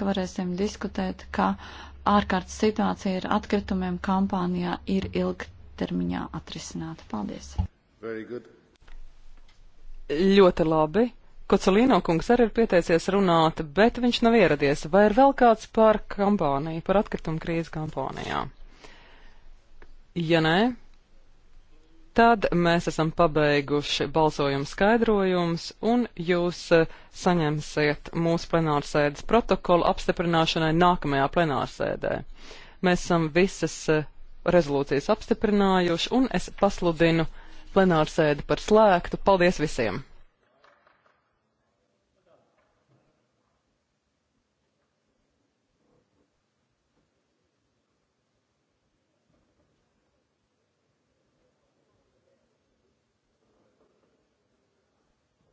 ka varēsim diskutēt, ka ārkārtas situācija ar atkritumiem kampānijā ir ilgtermiņā atrisināta. Paldies! Ļoti labi. Kocelīno kungs arī ir pieteicies runāt, bet viņš nav ieradies. Vai ir vēl kāds par kampāniju, par atkritumu krīzi kampānijā? Ja nē, Tad mēs esam pabeiguši balsojumu skaidrojums, un jūs eh, saņemsiet mūsu plenārsēdes protokolu apstiprināšanai nākamajā plenārsēdē. Mēs esam visas eh, rezolūcijas apstiprinājuši, un es pasludinu plenārsēdi par slēgtu. Paldies visiem!